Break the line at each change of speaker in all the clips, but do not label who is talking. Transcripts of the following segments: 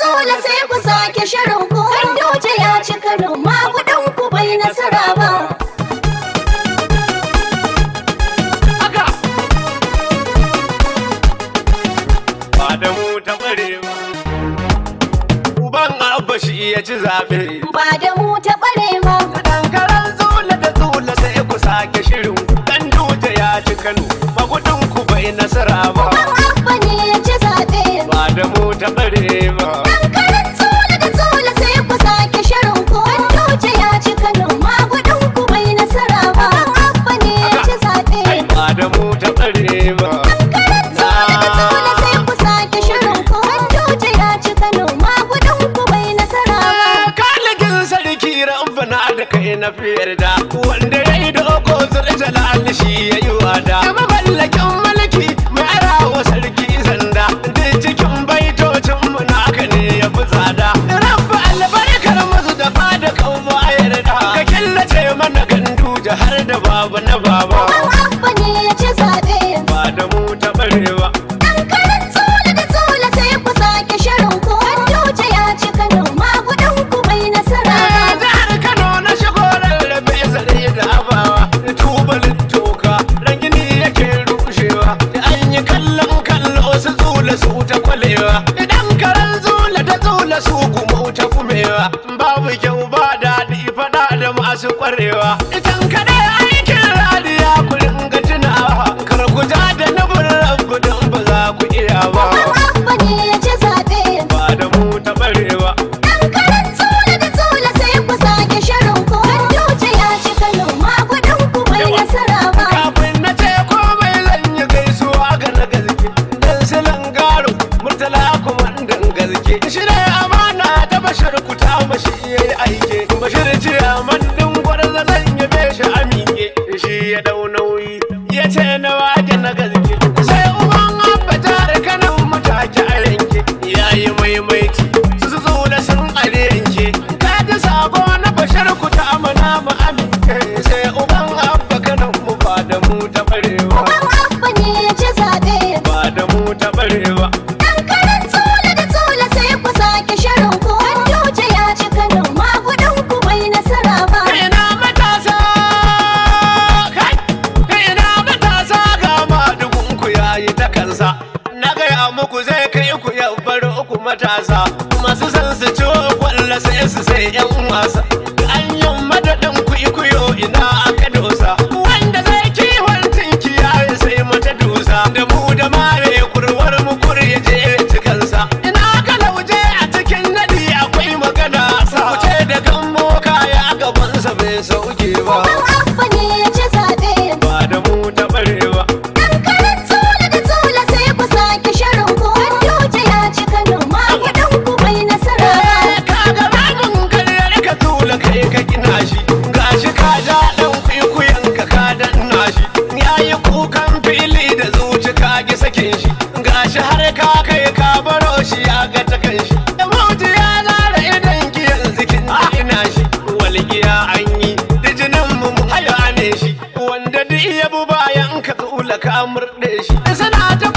rasula sai ku sake shirin ku an ya ci karo magudin ku
bai nasara ba Uban abba shi iya ci zaɓe.
Ba da mu ta ɓare ma.
Dankaran zula da zula sai ku sake shirin. Dan doje ya ci Kano, magudin ku bai nasara ba. bana da kai na fi yarda wanda ya yi oko zai jala shi ya yi wada kama mallakin mulki mai arawa sarki zanda da cikin baitocin mu naka ne ya fi zada rabba albarkar masu da fada da kauma a yarda ka killace mana kan gandu har da baba na baba ya shi iya murɗe shi. Suna ta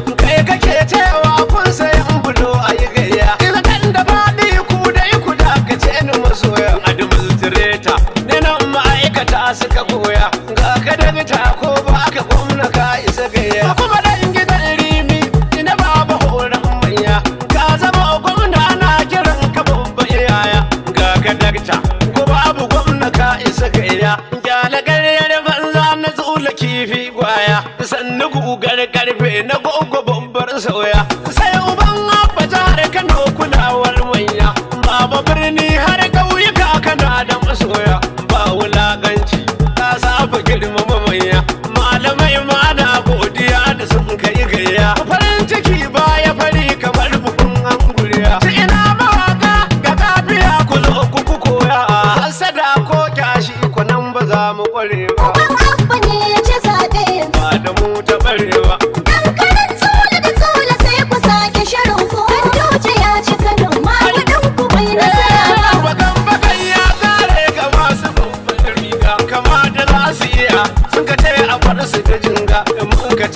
kai kake cewa kun sai in bulo a yi gayya ina kan da baɗi ku dai ku da ka ce ni masoya administrator ne nan ma'aikata suka koya ga ka ko ba ka gwamna ka isa gayya kuma da in gidan rimi ina babu horon manya ka zama gwamna ana kiran ka babba yaya ga ka dakta ko babu gwamna ka isa gayya gyalagar yare banza na zula kifi gwaya sannu gugar karfe na go masa oya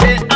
watch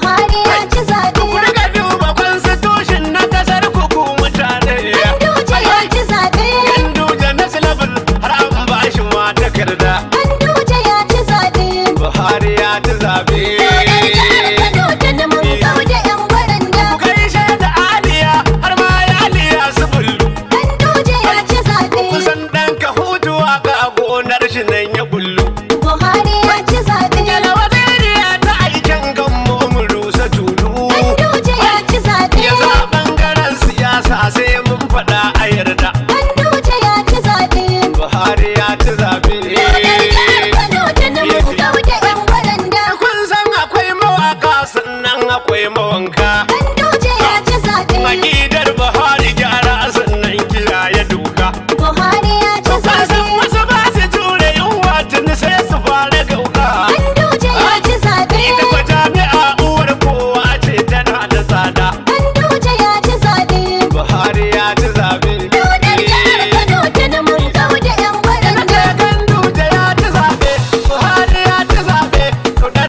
Omari